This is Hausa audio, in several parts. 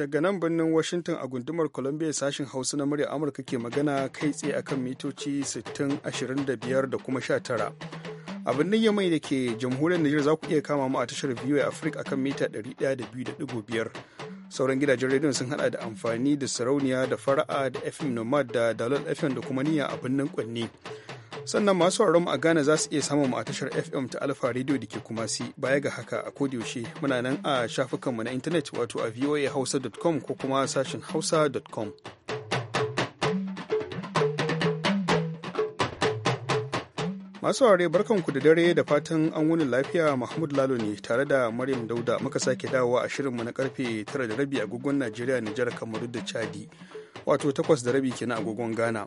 daga nan birnin washington a gundumar columbia sashen hausa na murya amurka ke magana kai tsaye akan mitoci 6025 da kuma 19 a birnin yamai da ke jamhuriyar niger za ku iya kama mu a tashar a africa akan mita 102.5 sauran gidajen rediyon sun hada da amfani da sarauniya da fara'a da fm nomad da dalol fm da kuma niyya a birnin kwanni sannan masu mu a Ghana za su iya samun mu a tashar FM ta Alfa Radio da ke kuma si baya ga haka a ko yaushe muna nan a shafukanmu na intanet wato a voahausa.com ko kuma sashin hausa.com. Masu ware barkanku da dare da fatan an wuni lafiya Mahmud Lalo ne tare da Maryam Dauda muka sake dawowa a shirin mu na karfe tara da rabi agogon Najeriya Nijar Kamaru da Chadi. wato takwas da rabi kenan agogon ghana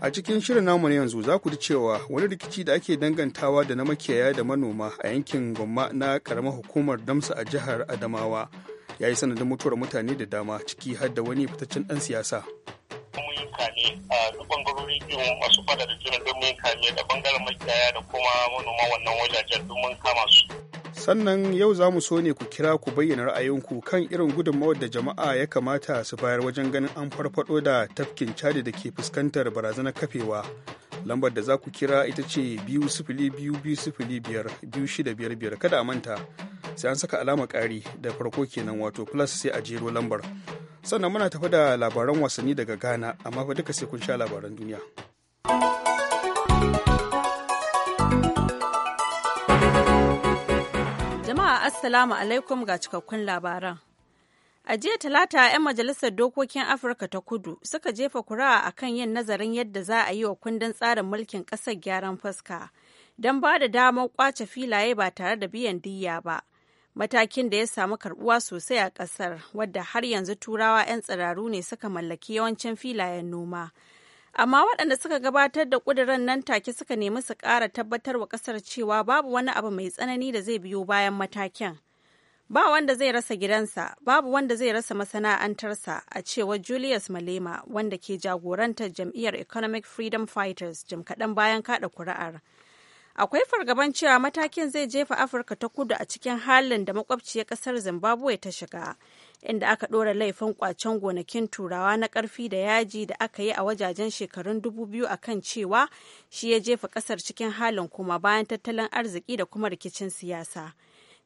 a cikin shirin namu na yanzu za ku ji cewa wani rikici da ake dangantawa da na makiyaya da manoma a yankin gwamma na karamar hukumar damsa a jihar adamawa ya yi sanadin mutuwar mutane da dama ciki har da wani fitaccen dan siyasa a bangarori eh, masu da da bangaren makiyaya da kuma manoma wannan wajajen kama su sannan yau za mu so ne ku kira ku bayyana ra'ayinku kan irin gudunmawar da jama'a ya kamata su bayar wajen ganin an farfado da tafkin cadi da ke fuskantar barazanar kafewa lambar da za ku kira ita ce biyu sifili biyu biyu sifili biyar biyu shida biyar kada a manta sai an saka alama kari da farko kenan wato plus sai a jero lambar sannan muna tafi da labaran wasanni daga ghana amma fa duka sai kun sha labaran duniya. Assalamu alaikum ga cikakkun labaran. A jiya Talata, 'yan Majalisar Dokokin Afirka ta Kudu suka jefa kura a kan yin nazarin yadda za a yi wa kundin tsarin mulkin ƙasar gyaran fuska don ba da damar kwace filaye ba tare da biyan diyya ba. Matakin da ya samu karbuwa sosai a ƙasar, wadda har yanzu Turawa 'yan tsiraru ne suka mallaki yawancin filayen noma. amma waɗanda suka gabatar da ƙuduran nan take suka nemi su ƙara tabbatar wa ƙasar cewa babu wani abu mai tsanani da zai biyo bayan matakin ba wanda zai rasa gidansa babu wanda zai rasa masana'antarsa a cewar julius malema wanda ke jagorantar jam'iyyar economic freedom fighters jim kaɗan bayan kaɗa kuri'ar akwai fargaban cewa matakin zai jefa afirka ta kudu a cikin halin da makwabciyar ƙasar zimbabwe ta shiga inda aka ɗora laifin kwacen gonakin turawa na ƙarfi da yaji da aka yi a wajajen shekarun dubu biyu a kan cewa shi ya jefa ƙasar cikin halin kuma bayan tattalin arziki da kuma rikicin siyasa.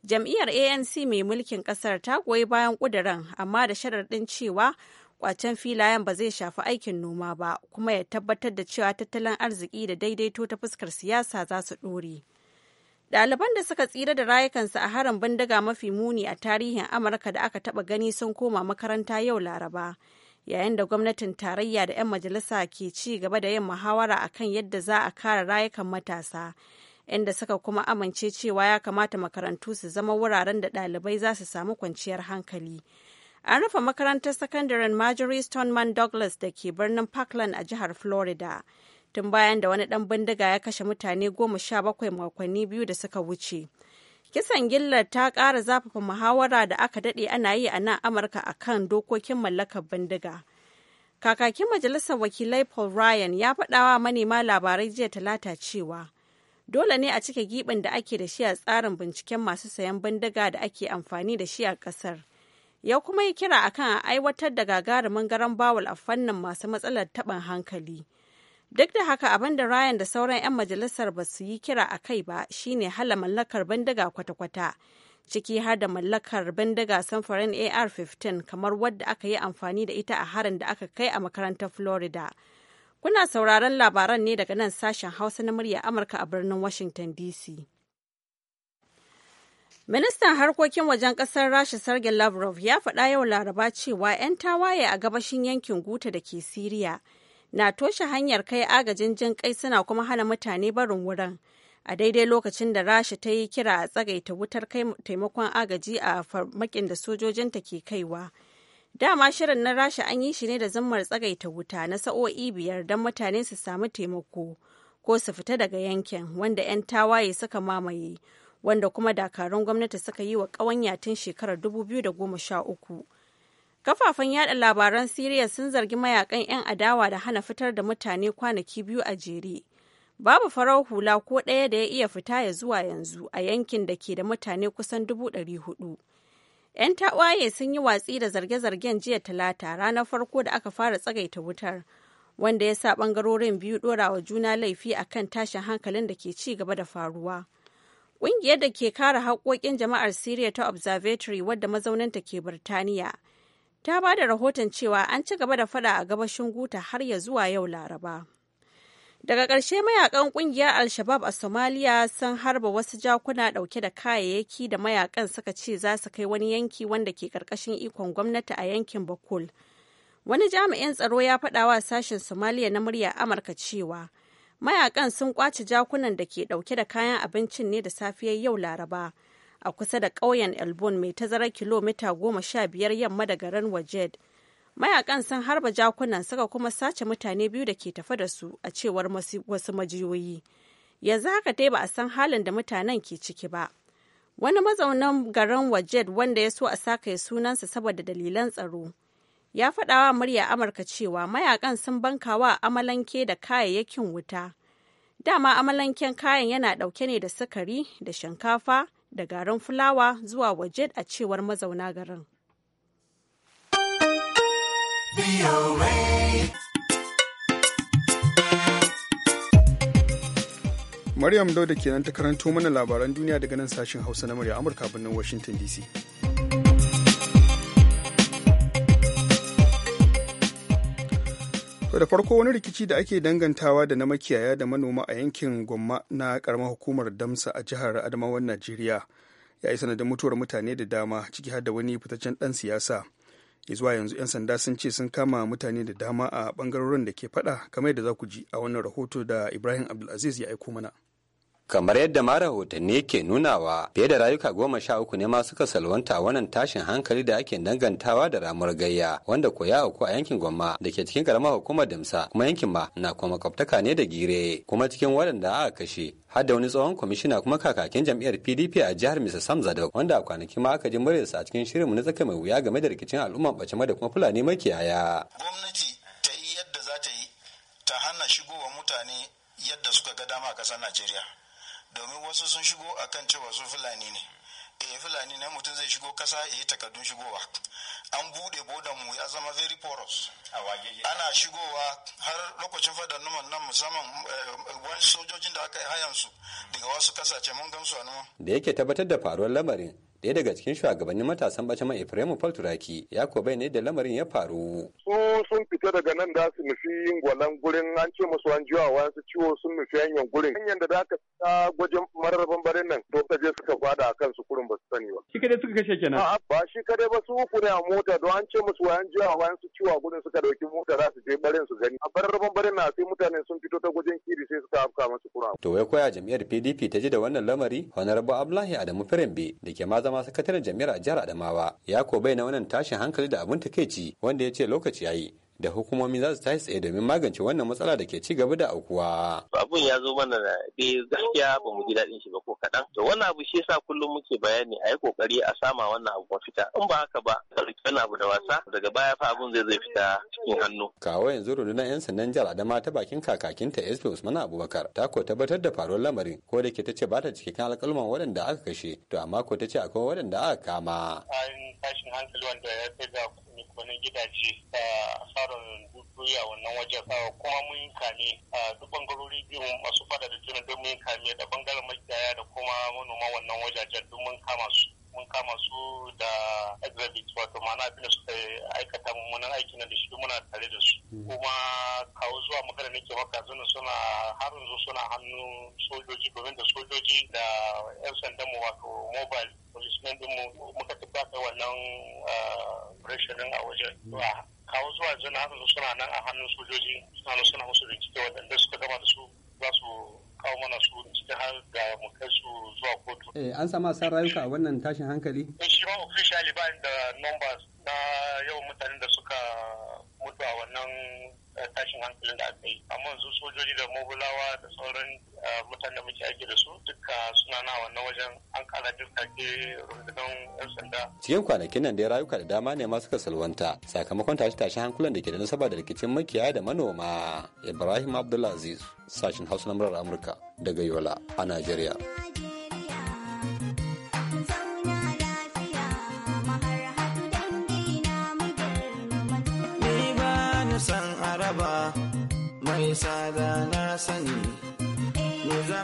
Jam'iyyar ANC mai mulkin ƙasar ta goyi bayan ƙuduran amma da sharaɗin cewa kwacen filayen ba zai shafi aikin noma ba kuma ya tabbatar da cewa tattalin arziki da daidaito ta fuskar siyasa za su ɗore. Ɗaliban da suka tsira da rayukansu a harin bindiga mafi muni a tarihin Amurka da aka taɓa gani sun koma makaranta yau Laraba, yayin da gwamnatin tarayya da 'yan majalisa ke ci gaba da yin muhawara a kan yadda za a kare rayukan matasa, inda suka kuma amince cewa ya kamata makarantu su zama wuraren da ɗalibai za su samu kwanciyar hankali. An rufe makarantar sakandaren Marjorie Stoneman Douglas da ke birnin Parkland a jihar Florida. tun bayan da wani ɗan bindiga ya kashe mutane goma sha bakwai makonni biyu da suka wuce. Kisan gillar ta ƙara zafafa muhawara da aka daɗe ana yi a nan Amurka a kan dokokin mallakar bindiga. Kakakin Majalisar Wakilai Paul Ryan ya faɗawa manema labarai jiya talata cewa dole ne a cike giɓin da ake da shi a tsarin binciken masu sayan bindiga da ake amfani da shi a ƙasar. Ya kuma yi kira akan a aiwatar da gagarumin garan bawul a fannin masu matsalar taɓin hankali. Duk da haka abin da Ryan da sauran 'yan majalisar ba su yi kira a kai ba shine hala mallakar bindiga kwata-kwata, ciki har da mallakar bindiga samfurin AR-15 kamar wadda aka yi amfani da ita a harin da aka kai a makarantar Florida. Kuna sauraron labaran ne daga nan sashen Hausa na murya Amurka a birnin Washington DC. Ministan harkokin wajen ƙasar Rasha Sergei Lavrov ya faɗa yau Laraba cewa 'yan tawaye a gabashin yankin Guta da ke Siriya na toshe hanyar kai agajin jin kai suna kuma hana mutane barin wurin a daidai lokacin da rasha ta yi kira a tsagaita wutar kai taimakon agaji a farmakin da sojojinta ke kaiwa dama shirin na rasha an yi shi ne da zammar tsagaita wuta na sa'o'i biyar don mutane su samu taimako ko su fita daga yankin wanda 'yan tawaye suka mamaye wanda kuma dakarun gwamnati suka yi wa ƙawanya tun shekarar 2013 Kafafen yada labaran Siriya sun zargi mayakan 'yan adawa da hana fitar da mutane kwanaki biyu a jere. Babu farar hula ko ɗaya da ya iya fita ya zuwa yanzu a yankin da ke da mutane kusan dubu ɗari hudu. 'Yan tawaye sun yi watsi da zarge-zargen jiya talata ranar farko da aka fara tsagaita wutar, wanda ya sa ɓangarorin biyu ɗorawa juna laifi a kan tashin hankalin da ke ci gaba da faruwa. Ƙungiyar da ke kare haƙoƙin jama'ar Siriya ta Observatory wadda mazauninta ke Birtaniya. ta ba da rahoton cewa an ci gaba da fada a gabashin guta har ya zuwa yau laraba daga ƙarshe mayakan ƙungiyar alshabab a somaliya sun harba wasu jakuna ɗauke da kayayyaki da mayakan suka ce za su kai wani yanki wanda ke ƙarƙashin ikon gwamnati a yankin bakul wani jami'in tsaro ya faɗa wa sashen somaliya na murya amurka cewa mayakan sun ƙwace jakunan da ke ɗauke da kayan abincin ne da safiyar yau laraba a kusa da ƙauyen elbon mai tazarar kilomita goma sha biyar yamma da garin wajed mayakan sun harba jakunan suka kuma sace mutane biyu da ke tafa da su a cewar wasu majiyoyi yanzu haka dai ba a san halin da mutanen ke ciki ba wani mazaunan garin wajed wanda ya so a sakaye sunansa saboda dalilan tsaro ya faɗawa murya amurka cewa mayakan sun bankawa amalanke da kayayyakin wuta dama amalanken kayan yana ɗauke ne da sukari da shinkafa da garin fulawa zuwa waje a cewar mazauna garin. Maryam Dauda nan ta karanto mana labaran duniya daga nan sashen Hausa na murya Amurka birnin Washington DC. To da farko wani rikici da ake dangantawa da na makiyaya da manoma a yankin Gwamma na karamar hukumar Damsa a jihar Adamawan Najeriya ya yi sanadin mutuwar mutane da dama ciki har da wani fitaccen ɗan siyasa. zuwa yanzu 'yan sanda sun ce sun kama mutane da dama a bangarorin da ke fada kamar yadda za ku ji a wannan rahoto da Ibrahim Abdulaziz ya aiko mana. kamar yadda ma rahotanni ke nunawa fiye da rayuka goma sha uku ne ma suka salwanta wannan tashin hankali da ake dangantawa da ramuwar gayya wanda ko ya auku a yankin gwamma da ke cikin karamar hukumar damsa kuma yankin ma na kuma makwabtaka ne da gire kuma cikin waɗanda aka kashe har da wani tsohon kwamishina kuma kakakin jam'iyyar pdp a jihar misa sam da wanda a kwanaki ma aka ji muryarsa a cikin shirinmu na tsaka mai wuya game da rikicin al'umman bacema da kuma fulani makiyaya gwamnati ta yi yadda za ta yi ta hana shigowa mutane yadda suka ga dama a ƙasar najeriya domin wasu sun shigo a kan cewa su fulani ne e fulani ne mutum zai shigo kasa ya yi takardun shigowa an bude bodan mu ya zama very porous ana shigowa har lokacin fadar numan nan musamman eh, wani sojojin da aka yi su daga wasu kasashe mun gamsu a numan da yake tabbatar da faruwar lamarin ɗaya daga cikin shugabannin matasan Bacama Efraimu Falturaki ya ko bai ne da lamarin ya faru. Su sun fita daga nan da su nufi yin gwalan gurin an ce musu an jiwa su ciwo sun nufi hanyar gurin. Hanyar da za ka ta gwajin marar bambarin nan to ka je suka fada a kansu kurin ba su sani ba. Shi kadai suka kashe kenan. A'a ba shi kadai ba su uku a mota don an ce musu an jiwa wa su ciwa gurin suka dauki mota za su je barin su gani. A barar bambarin na sai mutane sun fito ta gwajin kiri sai suka afka masu kura. To ya koya jam'iyyar PDP ta ji da wannan lamari Honorable Abdullahi Adamu Ferembe da ke mazan zama sakataren jami'ar a jihar adamawa ya ko na wannan tashin hankali da abin ci wanda ya ce lokaci ya yi da hukumomi za su tashi tsaye domin magance wannan matsala da ke ci gaba da aukuwa. Abun ya zo mana da gaskiya ba mu ji daɗin shi ba ko kaɗan. To wannan abu shi yasa kullum muke bayani a yi ƙoƙari a sama wannan abu fita. In ba haka ba, ɗauki wani abu da wasa daga baya fa abun zai zai fita cikin hannu. Kawo yanzu rundunar 'yan sandan jihar Adama ta bakin kakakinta SP Usman Abubakar ta ko tabbatar da faruwar lamarin ko da ke ta ce ba ta kan alƙalman waɗanda aka kashe to amma ko ta ce akwai waɗanda aka kama. An tashin hankali wanda gwanin gidaje da tsarin duniya wannan wajen kuma mun yi kame duk bangarori biyu masu fada da tunanin don mun yi kame da bangaren makiyaya da kuma manoma wannan wajajen duk mun kama su mun kama su da exhibit wato ma'ana abin da suka aikata mummunan aiki na da shi muna tare da su hmm. kuma kawo zuwa magana nake maka zuna suna har yanzu suna hannu sojoji domin da sojoji da yan sandan mu wato mobile policemen din mu muka tabbata wannan eh, rashin a wajen hmm. kawo zuwa zuna har yanzu suna nan a hannun sojoji suna nan suna musu bincike wadanda suka gama da su za su kawo mana su ciki har da mu kai su zuwa kotu. Eh an sama san rayuka a wannan tashin hankali? Eh, shi ma officially ba da numbers na yawan mutanen da suka mutu a wannan tashin hankalin da aka yi amma yanzu sojoji da mobilawa da sauran eh, mutane da muke aiki da su duka suna na wannan wajen an kara jirkake rundunar yan sanda. cikin kwanakin nan dai rayuka da dama ne ma suka salwanta sakamakon tashe-tashen hankulan da ke da nasaba da rikicin makiyaya da manoma ibrahim abdulaziz sashen hausa na murar amurka daga yola a najeriya.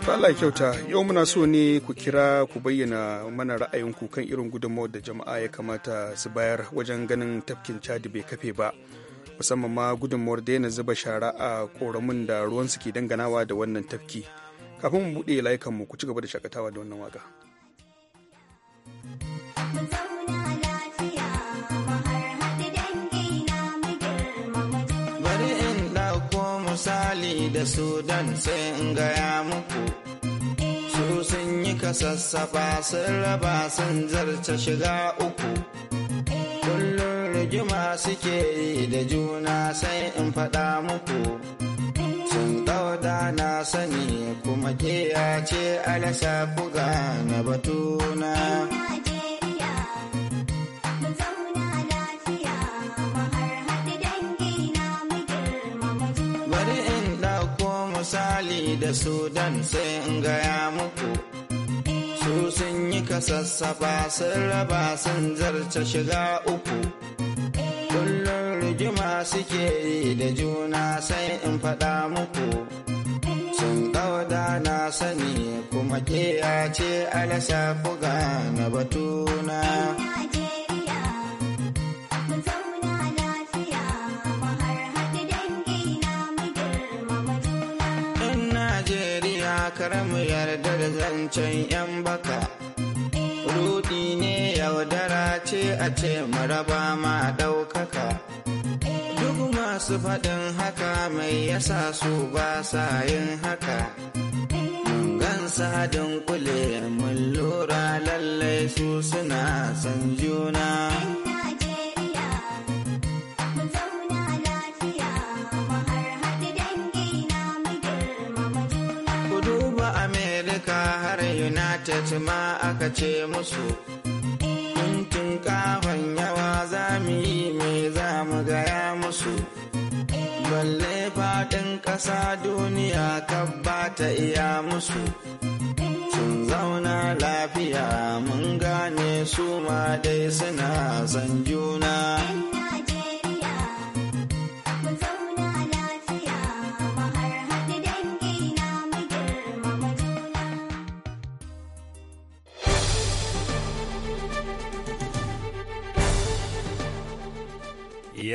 Allah kyauta yau muna so ne ku kira ku bayyana mana ra'ayinku kan irin gudunmawar da jama'a ya kamata su bayar wajen ganin tafkin cadi bai kafe ba musamman ma gudunmawar daina zuba shara a koramin da ruwan suke danganawa da wannan tafki kafin mu buɗe layukanmu ku ci gaba da shakatawa da wannan waka. da su dan sai in gaya muku su sun yi kasassafa sun raba sun zarce shiga uku kullum rigima suke yi da juna sai in faɗa muku sun ɗauda na sani kuma ke ce alasha buga na batuna. da sudan sai in gaya muku su sun yi kasassafa sun raba sun zarce shiga uku kullum rigima suke yi da juna sai in faɗa muku sun ɗauda na sani kuma ke ce alasha buga na batuna. zancen 'yan baka rudi ne yaudara ce a ce maraba ma ɗaukaka duk masu faɗin haka mai yasa su ba sa yin haka sadin kule mun lura lallai su suna san juna. united ma aka ce musu tun kafan yawa za mu yi me za mu gaya musu balle faɗin ƙasa duniya kabba ta iya musu sun zauna lafiya mun gane su ma dai suna san juna.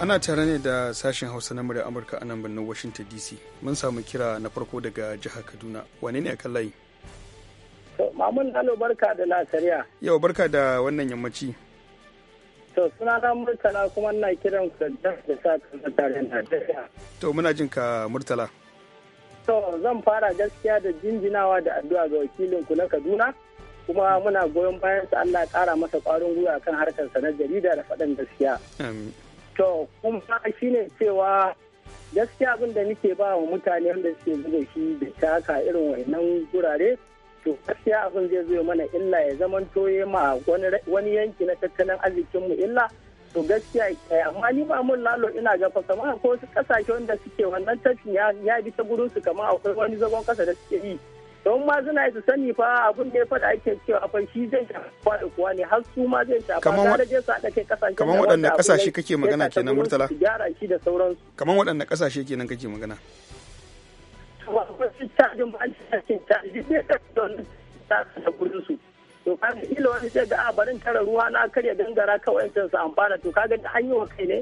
ana tare ne da sashen hausa na murya amurka a nan birnin washington dc mun samu kira na farko daga jihar kaduna wane ne a kan layi mamun lalo barka da lasariya yau barka da wannan yammaci to suna na murtala kuma na kiran ku da sa tare da to muna jin ka murtala to zan fara gaskiya da jinjinawa da addu'a ga wakilin ku na kaduna kuma muna goyon bayan sa Allah ya kara masa kwarin gwiwa kan harkar sa na jarida da faɗan gaskiya To, kuma shi ne cewa gaskiya abin da nake ba wa mutane wanda suke buga shi da taka irin wannan gurare, to gaskiya abin zai zo mana illa ya zaman toye ma wani yanki na tattalin arzikinmu illa. To gaskiya eh, amma ni ba mun lalo ina ga fa kamar akwai wasu kasashe wanda suke wannan tashin ya bi ta gurin su kamar akwai wani zagon kasa da suke yi. don ma suna su sani fa abin da ya fada ake cewa fa shi zai shafa kuwa ne har su ma zai shafa kamar je su haɗa kai kasashen kamar waɗanne kasashe kake magana kenan murtala kamar waɗanne kasashe kenan kake magana to kaga ila wani sai ga a ah, barin tara ruwa na karya gangara kawai sai su amfana to kaga da an kai ne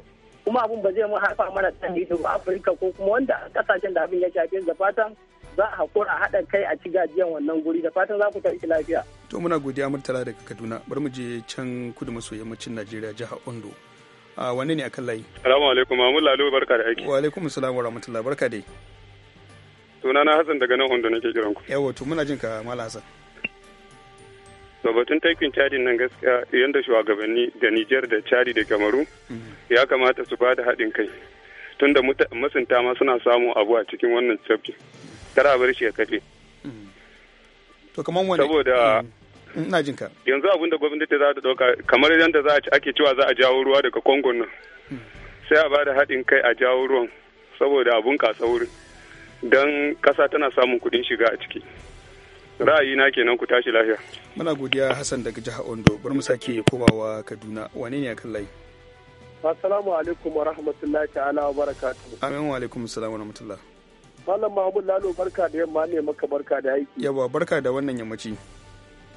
kuma abun ba zai mu haifa mana tsanani da Afirka ko kuma wanda kasashen da abin ya shafe da fatan za a haƙura a haɗa kai a ci gajiyan wannan guri da fatan za ku tashi lafiya. To muna godiya Murtala daga Kaduna bari mu je can kudu maso yammacin Najeriya jihar Ondo. A wanne ne a kan layi? Salamu alaikum Mamun Lalo barka da aiki. Wa alaikum salam wa rahmatullah barka dai. Sunana Hassan daga nan Ondo nake kiran ku. Yawwa to muna jin ka Malam Hassan. to batun taikin cadi nan gaskiya yadda shugabanni da Nijar da cadi da Kamaru mm-hmm. ya kamata su ba da haɗin kai tunda masunta ma suna samun abu a cikin wannan sabbi kada bar shi ya kafe to kaman wani saboda mm, ina jin ka yanzu abin da gwamnati za ta dauka kamar yadda za a ci ake cewa za a jawo ruwa daga kongon nan mm. sai a bada haɗin kai a jawo ruwan saboda abun kasa wurin don ƙasa tana samun kuɗin shiga a ciki ra'ayi na kenan ku tashi lafiya muna godiya hassan daga jiha ondo bari mu sake komawa kaduna wane ne akan layi assalamu alaikum wa rahmatullahi ta'ala wa barakatuhu amin wa alaikum assalam wa rahmatullahi. Malam Mahmud Lalo barka da yamma ne maka barka da aiki. Yawa barka da wannan yammaci.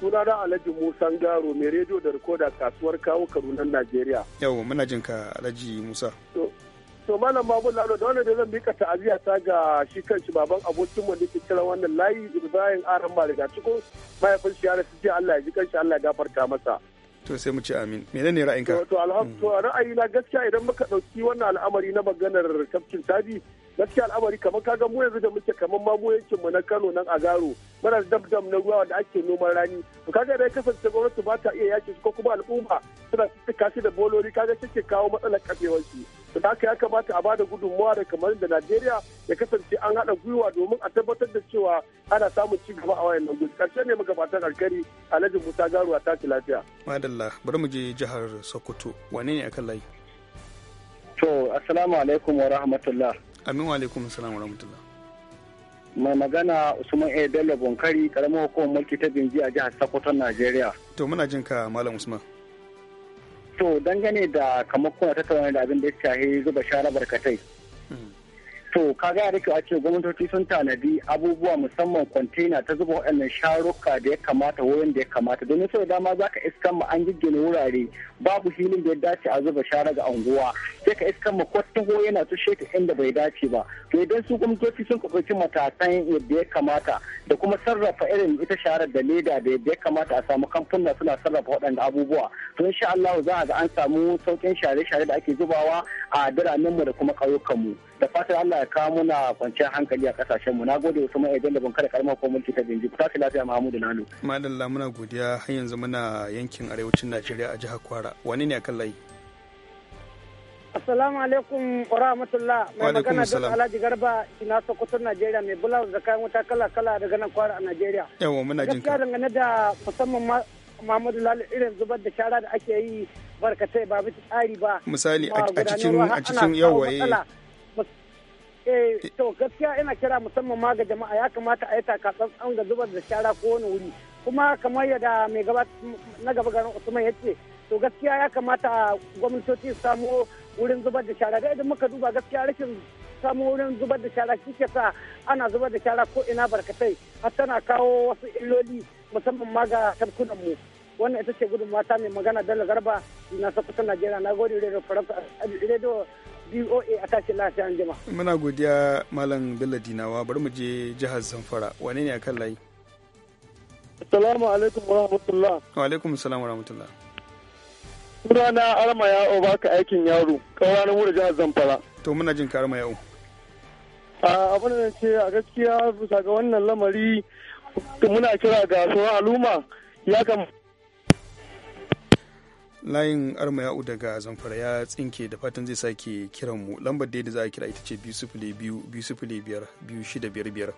Suna da Alhaji Musa Garo mai rediyo da rikoda kasuwar kawo Kadunan Najeriya. Yawa muna jin ka Alhaji Musa. To Malam Mahmud Lalo da wannan da zan mika ta'aziyya ta ga shi kanshi baban abokin mu ke kira wannan layi Ibrahim Aran Maliga cikin mahaifin shi ya rasu jiya Allah ya ji kanshi Allah ya gafarta masa. to sai mu ci amin menene ra'ayinka to to ra'ayina gaskiya idan muka dauki wannan al'amari na maganar tafkin tabi gaskiya al'amari kamar kaga mu yanzu da muke kamar ma mu yankin mu na Kano nan a Garo muna dam dab na ruwa da ake noman rani to kaga dai kasance gwamnati ba ta iya yaki ko kuma al'umma suna tsika shi da bolori kaga kike kawo matsalar kafewar shi to haka ya kamata a bada gudunmawa da kamar da Najeriya ya kasance an haɗa gwiwa domin a tabbatar da cewa ana samun ci gaba a wayannan gudu karshe ne magabatan alkari Alhaji Musa Garo a ci lafiya madallah bari mu je jihar Sokoto wane ne akan layi to assalamu alaikum wa rahmatullah amin wa alaikum salam wa rahmatullah mai magana usman a bello bonkari karamar hukumar mulki ta binji a jihar sokoto najeriya to muna jin ka malam usman to dangane da kamar kuna tattauna da abin da ya shahi zuba shara barkatai to kaga da kyau a ce gwamnatoci sun tanadi abubuwa musamman kwantena ta zuba waɗannan sharuka da ya kamata wurin da ya kamata domin sau dama za ka iskan mu an giggina wurare babu filin da ya dace a zuba shara ga unguwa sai ka iskan mu taho yana ta ta inda bai dace ba to idan su gwamnatoci sun ɗauki matakan yadda ya kamata da kuma sarrafa irin ita shara da leda da yadda ya kamata a samu kamfuna suna sarrafa waɗannan abubuwa to insha Allah za a ga an samu sauƙin share-share da ake zubawa a biranen mu da kuma ƙauyukanmu. mu da fatan Allah ya kawo muna kwanciyar hankali a kasashen mu nagode wasu mai idan da bankar da karamar ko mulki ta jinji ku tashi lafiya Muhammadu Lalo madalla muna godiya har yanzu muna yankin arewacin Najeriya a jihar Kwara wani ne akan layi Assalamu alaikum wa rahmatullah mai magana da Alhaji Garba ina Sokoto Najeriya mai bulawar da kayan wuta kala kala daga nan Kwara a Najeriya yawa muna jin ka dangane da musamman mahamudu Lalo irin zubar da shara da ake yi barkatai ba bi tsari ba misali a cikin a cikin yawa eh. eh to gaskiya ina kira musamman ma ga jama'a ya kamata a yi takatsantsan ga zubar da shara ko wani wuri kuma kamar yadda mai gaba na gaba garin Usman ya ce to gaskiya ya kamata gwamnatoci su samu wurin zubar da shara da idan muka duba gaskiya rashin samu wurin zubar da shara shi ke sa ana zubar da shara ko ina barkatai har tana kawo wasu illoli musamman ma ga tabkunan mu wannan ita ce gudunmata mai magana dala garba na sakutan najeriya na gode rediyo faransa rediyo boa a tashi lafiya an muna godiya malam bello dinawa bari mu je jihar zamfara wane ne akan layi assalamu alaikum wa rahmatullah wa alaikum assalam wa rahmatullah sunana arma ba baka aikin yaro kawai na wuri jihar zamfara to muna jin ka arma a abin da ce a gaskiya bisa ga wannan lamari muna kira ga sauran al'umma ya kamata layin armayau daga zamfara ya tsinke da fatan zai sake kiran mu lambar da za a kira ita ce biyu sifili biyu biyu biyar biyu shida biyar biyar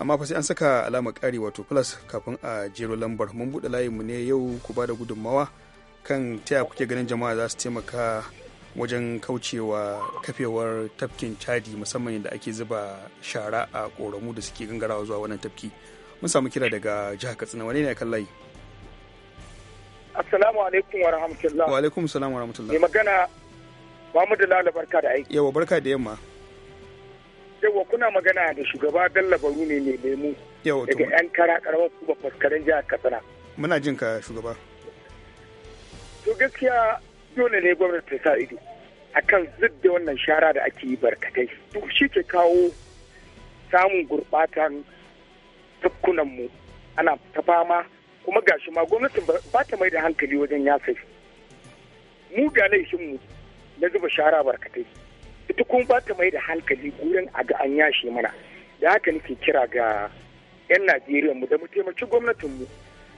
amma fa sai an saka alamar kare wato plus kafin a jero lambar mun buɗe layin mu ne yau ku ba da gudunmawa kan taya kuke ganin jama'a za su taimaka wajen kaucewa kafewar tafkin chadi musamman da ake zuba shara a koramu da suke gangarawa zuwa wannan tafki mun samu kira daga jihar katsina wani ne kan layi Assalamu alaikum wa rahmatullah. Wa alaikum salam wa rahmatullah. Mai magana Muhammadu Lala barka da aiki. Yawa barka da yamma. Yawa kuna magana da shugaba Bello labaru ne mai lemu. Yawa Daga yan kara karamar kuma faskarin jihar Katsina. Muna jin ka shugaba. To gaskiya dole ne gwamnati ta sa ido akan zidda wannan shara da ake yi barkatai. Duk shi ke kawo samun gurbatan tukunanmu ana ta fama kuma ga shi ma gwamnatin ba ta mai da hankali wajen ya yasa mu ga laifinmu na zuba shara barkatai ita kuma ba ta mai da hankali gurin a ga an yashe mana da haka nake kira ga 'yan najeriya mu da mu taimaki gwamnatinmu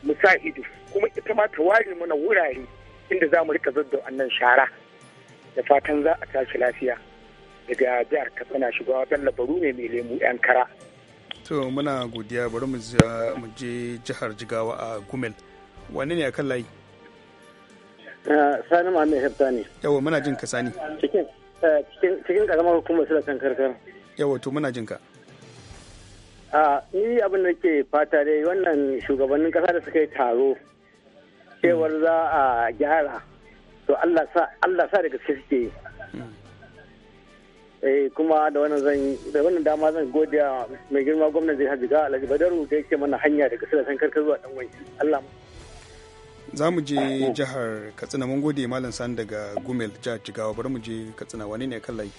mu sa ido kuma ita ma ta ware mana wurare inda za mu rika zadda annan shara da fatan za a tashi lafiya daga jihar katsina shigawa bello baru ne mai lemu 'yan kara to muna godiya bari mu je jihar jigawa a gumel wane ne a kan layi eh, sani mai hefta ne yawa muna jin ka sani cikin eh, karamar hukumar su da kan karkar yawa to muna jin ka ni abin da ke fata dai wannan shugabannin kasa da suka yi taro cewar za a gyara to allah sa da gaske suke yi mm. eh kuma da wannan zan da wannan dama zan gode mai girma gwamnati jihar Jigawa Alhaji Badaru da yake mana hanya daga san Karkar zuwa Dan Wanki Allah za mu je jihar Katsina mun gode Malam Sani daga Gumel jihar Jigawa bari mu je Katsina wani ne kan layi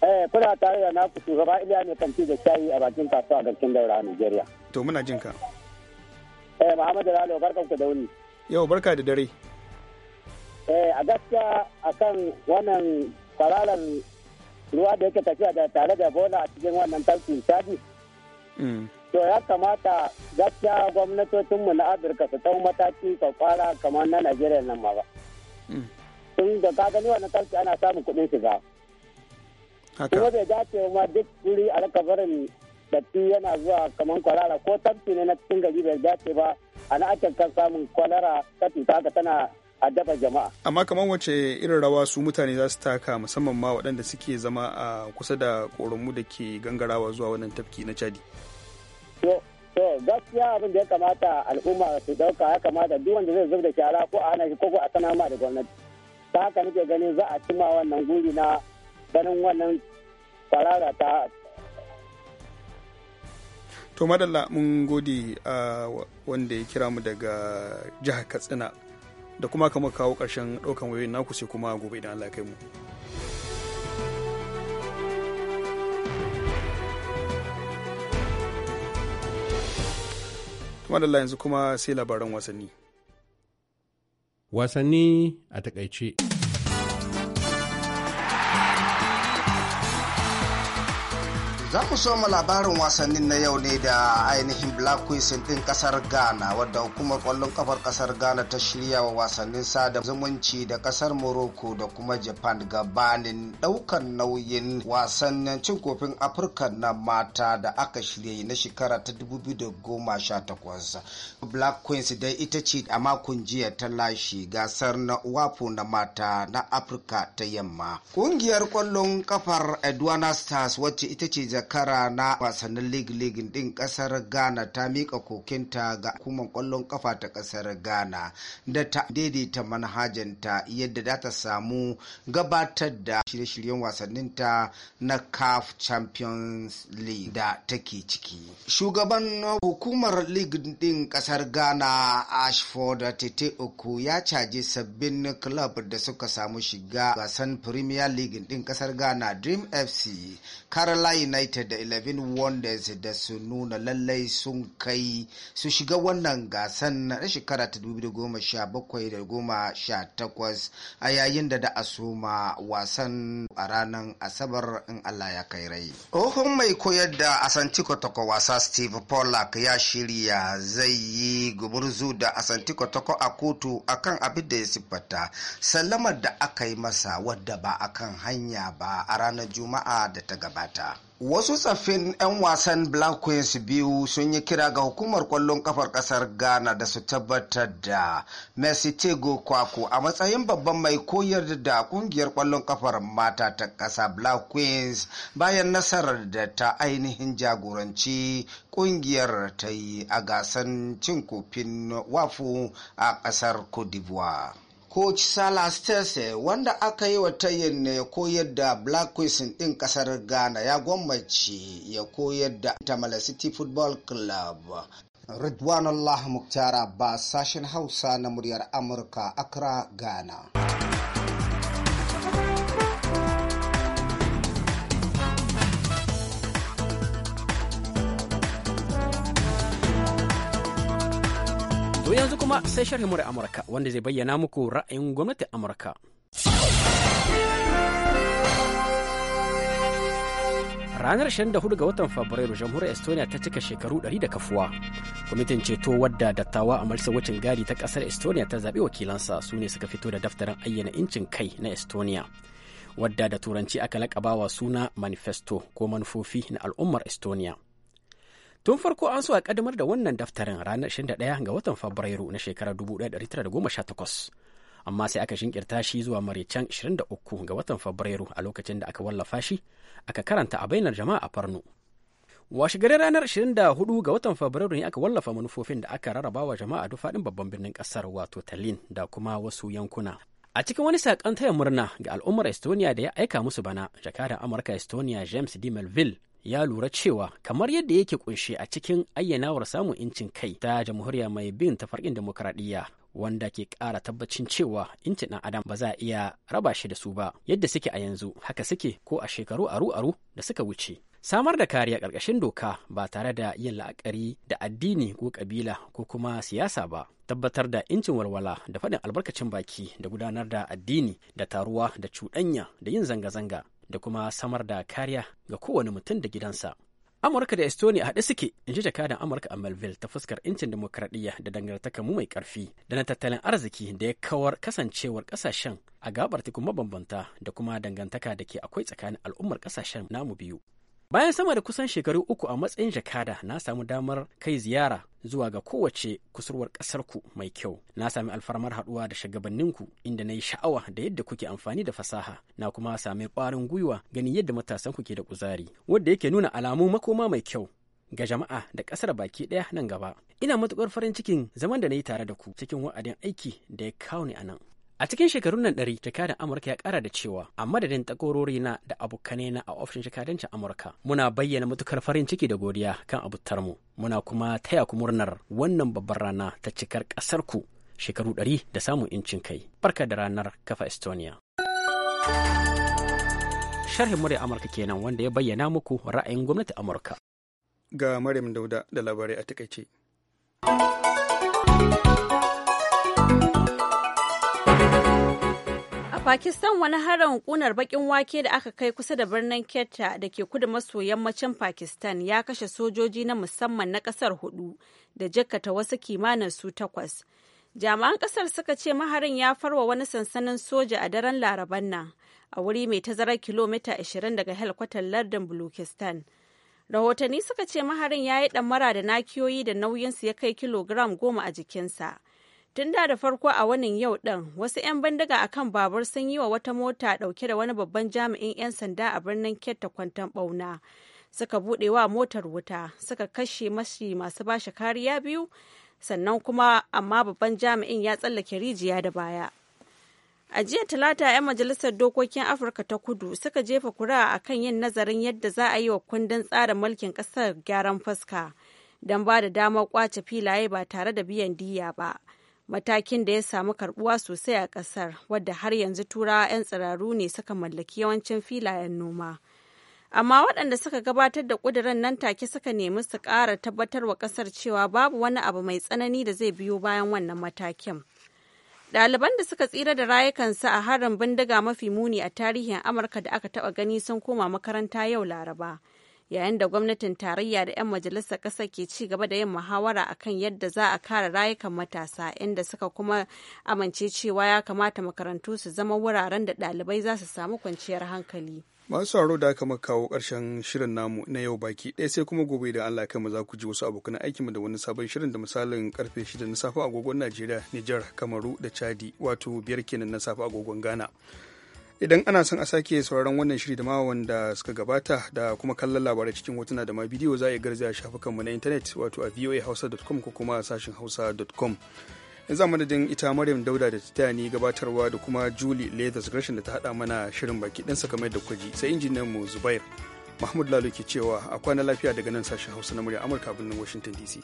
eh kuna tare da naku shugaba Iliya ne kanti da shayi a bakin kasuwa a garkin daura a Nigeria to muna jin ka eh Muhammad Lalo ku da wuni yau barka da dare eh a gaskiya akan wannan fararen. ruwa da yake tafiya da tare da bola a cikin wannan tankin chadi mm. to ya kamata gaskiya mu na afirka su tau mataki kwakwara kamar na najeriya nan ma ba mm. tun da ka gani wannan tanki ana samun kuɗin shiga kuma bai dace ma duk wuri a raka barin datti yana zuwa kamar kwalara ko tafki ne na cikin gari bai dace ba ana ake kan samun kwalara ta tuta ka tana a dafa jama'a amma kamar wace irin rawa su mutane za su taka musamman ma waɗanda suke zama a kusa da ƙoramu da ke gangarawa zuwa wannan tafki na chadi to gaskiya abin da ya kamata al'umma su dauka ya kamata duk wanda zai zub da shara ko a hana shi ko a sanar ma da gwamnati ta haka nake ganin za a cima wannan guri na ganin wannan kwarara ta to madalla mun gode ah, a wanda ya kira mu daga jihar katsina da kuma kama kawo ƙarshen ɗaukan wayoyin naku sai kuma gobe idan Allah kai mu. Tumadalla yanzu kuma sai labaran wasanni. Wasanni a takaice. Za ku so labarin wasannin na yau ne da ainihin Black Queens ɗin ƙasar Ghana wadda hukumar kwallon kafar kasar Ghana ta shirya wa wasannin sada zumunci da kasar Morocco da kuma Japan gabanin ɗaukan nauyin wasannin cin kofin Afirka na mata da aka shirya na shekara ta 2018. Black Queens dai ita ce a makon jiya ta lashe gasar na wafo na mata na Afirka ta yamma. Ƙungiyar kwallon kafar Edwana Stars wacce ita ce zakara na wasannin ligin din kasar ghana ta mika kokinta ga hukumar kwallon kafa ta kasar ghana da ta daidaita manhajanta yadda za ta samu gabatar da shirye-shiryen wasannin ta na caf champions league da take ciki shugaban hukumar league din kasar ghana ashford tete uku ya caji sabbin club da suka samu shiga wasan premier league din kasar ghana dream fc carolina united da 11 wonders da su nuna lallai sun kai su shiga wannan gasan na shekara ta 2017 da 2018 a yayin da da a soma wasan a ranar asabar in allah ya kai rai tsohon mai koyar da asanti kotoko wasa steve pollack ya shirya zai yi gumurzu da asanti kotoko a kotu akan abin da ya siffata sallamar da aka yi masa wadda ba akan hanya ba a ranar juma'a da ta gabata Wasu tsaffin 'yan wasan Black Queens biyu sun yi kira ga hukumar kwallon kafar kasar Ghana da su tabbatar da Messi Tego Kwaku a matsayin babban mai koyar da kungiyar kwallon kafar mata ta kasa Black Queens bayan nasarar da ta ainihin jagoranci kungiyar ta yi a gasan cin kofin wafu a kasar Cote d'Ivoire. coach Salah tese wanda aka yi wa tayin ne ya koyar da Black Queens din kasar Ghana ya gwammaci ya koyar da Tamale City Football Club. Ridwanullah muktara ba sashen Hausa na muryar Amurka Accra, Ghana. kuma sai sharhi murar Amurka wanda zai bayyana muku ra'ayin gwamnatin Amurka. ranar 24 ga watan fabrairu jamhuriyar estonia ta cika shekaru 100 da kafuwa kwamitin ceto wadda dattawa a majalisar wucin gadi ta kasar estonia ta zaɓi wakilansa su ne suka fito da daftarin ayyana incin kai na estonia wadda da turanci aka laƙabawa suna manifesto ko manufofi na al'ummar estonia Tun farko an so a kaddamar da wannan daftarin ranar 21 ga watan Fabrairu na shekarar 1918. Amma sai aka shinkirta shi zuwa maraicen 23 ga watan Fabrairu a lokacin da aka wallafa shi, aka karanta a bainar jama'a a Farno. washe gare ranar 24 ga watan Fabrairu ne aka wallafa manufofin da aka rarraba wa jama'a duk faɗin babban birnin ƙasar wato Tallinn da kuma wasu yankuna. A cikin wani saƙon taya murna ga al'ummar Estonia da ya aika musu bana, jakadan Amurka Estonia James D. Melville ya lura cewa kamar yadda yake kunshe a cikin ayyanawar samun incin kai ta jamhuriya mai bin tafarkin demokradiyya wanda ke ƙara tabbacin cewa incin ɗan adam ba za a iya raba shi da su ba yadda suke a yanzu haka suke ko a shekaru aru-aru da suka wuce samar da kariya ƙarƙashin doka ba tare da yin la'akari da addini ko ƙabila ko kuma siyasa ba tabbatar da incin walwala da faɗin albarkacin baki da gudanar da addini da taruwa da cuɗanya da yin zanga-zanga da kuma samar da kariya ga kowane mutum da gidansa. Amurka da Estonia haɗe suke, in ji jakadan Amurka a Melville ta fuskar incin demokradiyya da dangantakar mu mai ƙarfi da na tattalin arziki da ya kawar kasancewar ƙasashen a gabar tekun mabambanta da kuma dangantaka da ke akwai tsakanin al'ummar ƙasashen namu biyu. Bayan sama da kusan shekaru uku a matsayin jakada na samu damar kai ziyara zuwa ga kowace kusurwar ƙasarku mai kyau. Na sami alfarmar haɗuwa da shugabanninku inda na yi sha'awa da yadda kuke amfani da fasaha na kuma sami ƙwarin gwiwa ganin yadda matasan ke da kuzari Wadda yake nuna alamu makoma mai kyau ga jama'a da ƙasar baki ɗaya nan gaba. Ina matuƙar farin cikin zaman da na yi tare da ku cikin wa'adin aiki da ya kawo ni a nan. A cikin shekarun nan ɗari, jakadan Amurka ya ƙara da cewa a madadin takorori na da abokanai na a ofishin jakadancin Amurka muna bayyana matukar farin ciki da godiya kan abutar mu Muna kuma taya ku murnar wannan babbar rana ta cikar ƙasar ku shekaru ɗari da samun incin kai. Barka da ranar kafa Estonia. Sharhin murya Amurka kenan wanda ya bayyana muku ra'ayin gwamnati Amurka. Ga Maryam Dauda da labarai a takaice. Pakistan wani harin kunar bakin wake da aka kai kusa da birnin ketta da ke kudu maso yammacin Pakistan ya kashe sojoji na musamman na kasar hudu da jakkata wasu kimanin su takwas. Jami'an kasar suka ce maharin ya farwa wani sansanin soja a daren laraban nan a wuri mai tazarar kilomita 20 daga helkwatar lardin Bulukistan. Rahotanni suka ce maharin ya yi ɗamara da nakiyoyi da nauyinsu ya kai kilogiram goma a jikinsa. tun da da farko a wannan yau ɗin wasu 'yan bandaga a kan babur sun yi wa wata mota ɗauke da wani babban jami'in 'yan sanda a birnin keta kwanton ɓauna suka buɗe wa motar wuta suka kashe mashi masu bashi kariya biyu sannan kuma amma babban jami'in ya tsallake rijiya da baya a jiya talata 'yan majalisar dokokin afirka ta kudu suka jefa kura a kan yin nazarin yadda za a yi wa kundin tsarin mulkin ƙasar gyaran fuska don ba da damar kwace filaye ba tare da biyan diya ba matakin da ya samu karbuwa sosai a ƙasar wadda har yanzu turawa 'yan tsiraru ne suka mallaki yawancin filayen noma amma waɗanda suka gabatar da ƙudurin nan take suka nemi su ƙara tabbatar wa ƙasar cewa babu wani abu mai tsanani da zai biyo bayan wannan matakin ɗaliban da suka tsira da rayukansu a harin bindiga mafi muni a tarihin amurka da aka taɓa gani sun koma makaranta yau laraba yayin da gwamnatin tarayya da 'yan majalisar ƙasa ke ci gaba da yin muhawara a kan yadda za a kare rayukan matasa inda suka kuma amince cewa ya kamata makarantu su zama wuraren da ɗalibai za su samu kwanciyar hankali. masu sauraro da aka kawo karshen shirin namu na yau baki ɗaya sai kuma gobe da Allah kai mu za ku ji wasu abokan aikinmu da wani sabon shirin da misalin karfe 6 na safe agogon Najeriya, Nijar, Kamaru da Chadi wato biyar kenan na safe agogon Ghana. idan ana son a sake sauraron wannan shiri da ma wanda suka gabata da kuma kallon labarai cikin hotuna da ma bidiyo za a garzaya shafukanmu na intanet wato a voahausa.com ko kuma sashin hausa.com yanzu madadin ita maryam dauda da ta ni gabatarwa da kuma julie leathers gresham da ta hada mana shirin baki ɗansa kamar da kwaji sai injiniyan mu zubair mahmud lalo ke cewa a kwana lafiya daga nan sashen hausa na murya amurka birnin washington dc